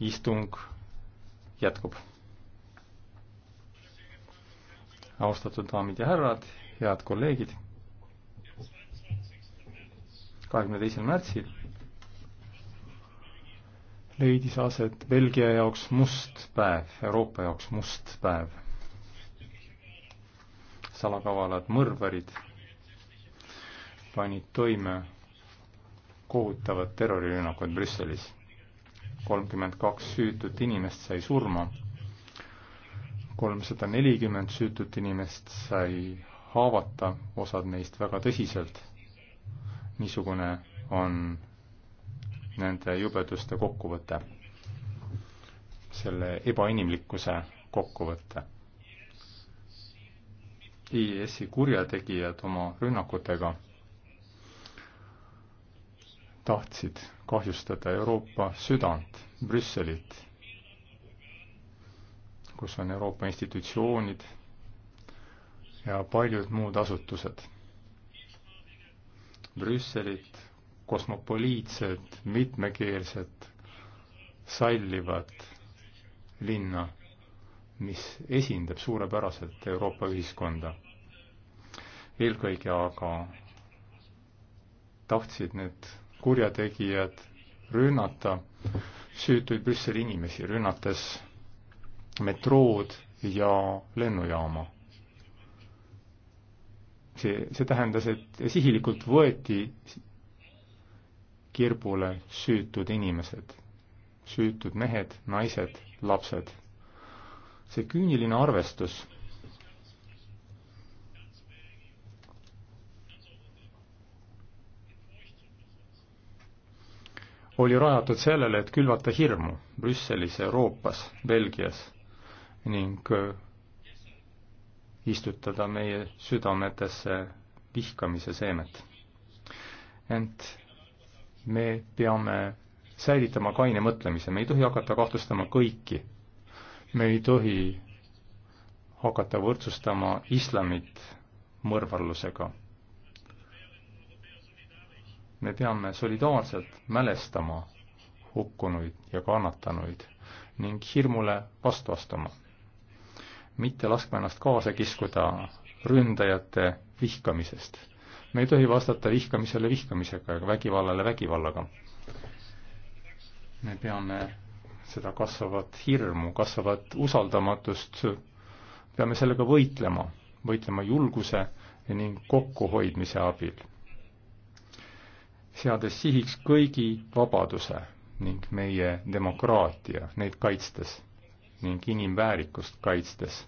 istung jätkub. austatud daamid ja härrad, head kolleegid. kahekümne teisel märtsil leidis aset Belgia jaoks must päev, Euroopa jaoks must päev. salakavalad mõrvarid panid toime kohutavad terrorirünnakud Brüsselis kolmkümmend kaks süütut inimest sai surma, kolmsada nelikümmend süütut inimest sai haavata, osad neist väga tõsiselt. niisugune on nende jubeduste kokkuvõte, selle ebainimlikkuse kokkuvõte. IIS-i kurjategijad oma rünnakutega tahtsid kahjustada Euroopa südant, Brüsselit, kus on Euroopa institutsioonid ja paljud muud asutused. Brüsselit, kosmopoliitsed, mitmekeelsed, sallivad linna, mis esindab suurepäraselt Euroopa ühiskonda. eelkõige aga tahtsid need kurjategijad rünnata süütuid Brüsseli inimesi, rünnates metrood ja lennujaama. see, see tähendas, et sihilikult võeti kirbule süütud inimesed, süütud mehed, naised, lapsed. see küüniline arvestus oli rajatud sellele, et külvata hirmu Brüsselis, Euroopas, Belgias ning äh, istutada meie südametesse vihkamise seemet. ent me peame säilitama kaine mõtlemise, me ei tohi hakata kahtlustama kõiki. me ei tohi hakata võrdsustama islamit mõrvarlusega me peame solidaarselt mälestama hukkunuid ja kannatanuid ning hirmule vastu astuma, mitte laskma ennast kaasa kiskuda ründajate vihkamisest. me ei tohi vastata vihkamisele vihkamisega ega vägivallale vägivallaga. me peame seda kasvavat hirmu, kasvavat usaldamatust, peame sellega võitlema, võitlema julguse ning kokkuhoidmise abil seades sihiks kõigi vabaduse ning meie demokraatia, neid kaitstes ning inimväärikust kaitstes.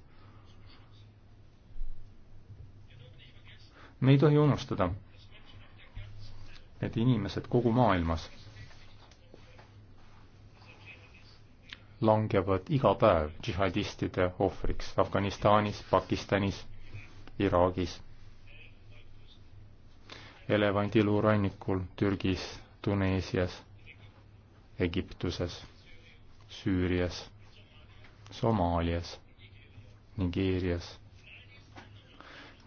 me ei tohi unustada, et inimesed kogu maailmas langevad iga päev džihadistide ohvriks Afganistanis, Pakistanis, Iraagis elevandiluurannikul Türgis, Tuneesias, Egiptuses, Süürias, Somaalias, Nigeerias.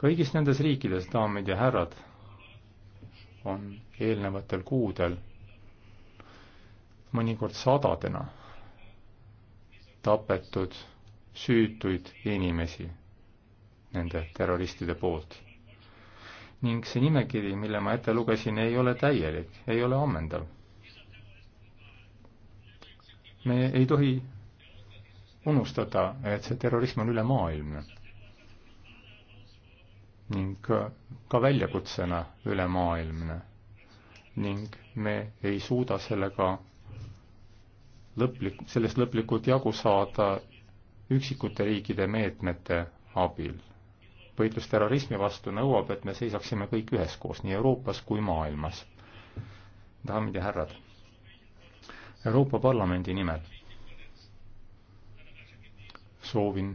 kõigis nendes riikides, daamid ja härrad, on eelnevatel kuudel mõnikord sadadena tapetud süütuid inimesi nende terroristide poolt ning see nimekiri, mille ma ette lugesin, ei ole täielik, ei ole ammendav. me ei tohi unustada, et see terrorism on ülemaailmne ning ka väljakutsena ülemaailmne ning me ei suuda sellega lõplik, sellest lõplikult jagu saada üksikute riikide meetmete abil võitlus terrorismi vastu nõuab, et me seisaksime kõik üheskoos, nii Euroopas kui maailmas. daamid ja härrad, Euroopa Parlamendi nimel soovin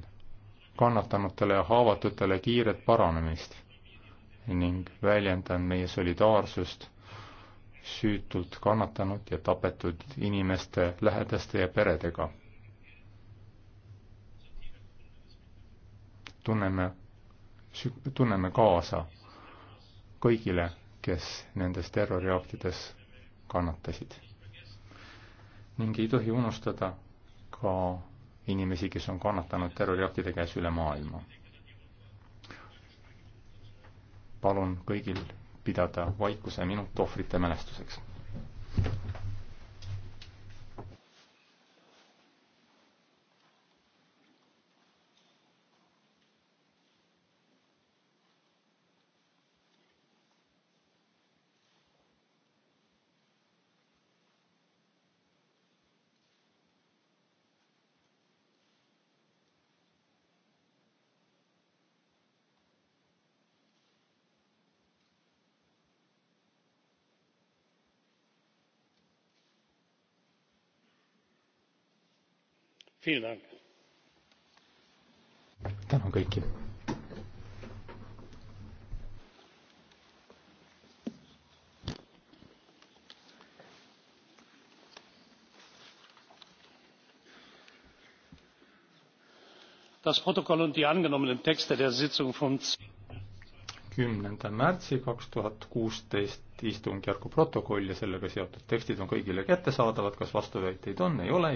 kannatanutele ja haavatutele kiiret paranemist ning väljendan meie solidaarsust süütult kannatanud ja tapetud inimeste lähedaste ja peredega. tunneme tunneme kaasa kõigile, kes nendes terroriaktides kannatasid. ning ei tohi unustada ka inimesi, kes on kannatanud terroriaktide käes üle maailma. palun kõigil pidada vaikuse minut ohvrite mälestuseks tänan kõiki. das protokoll und die angenommenen texte der sitzung vom. 10. märtsi 2016 istungjärgu protokoll ja sellega seotud tekstid on kõigile kättesaadavad kas vastuväiteid on ei ole.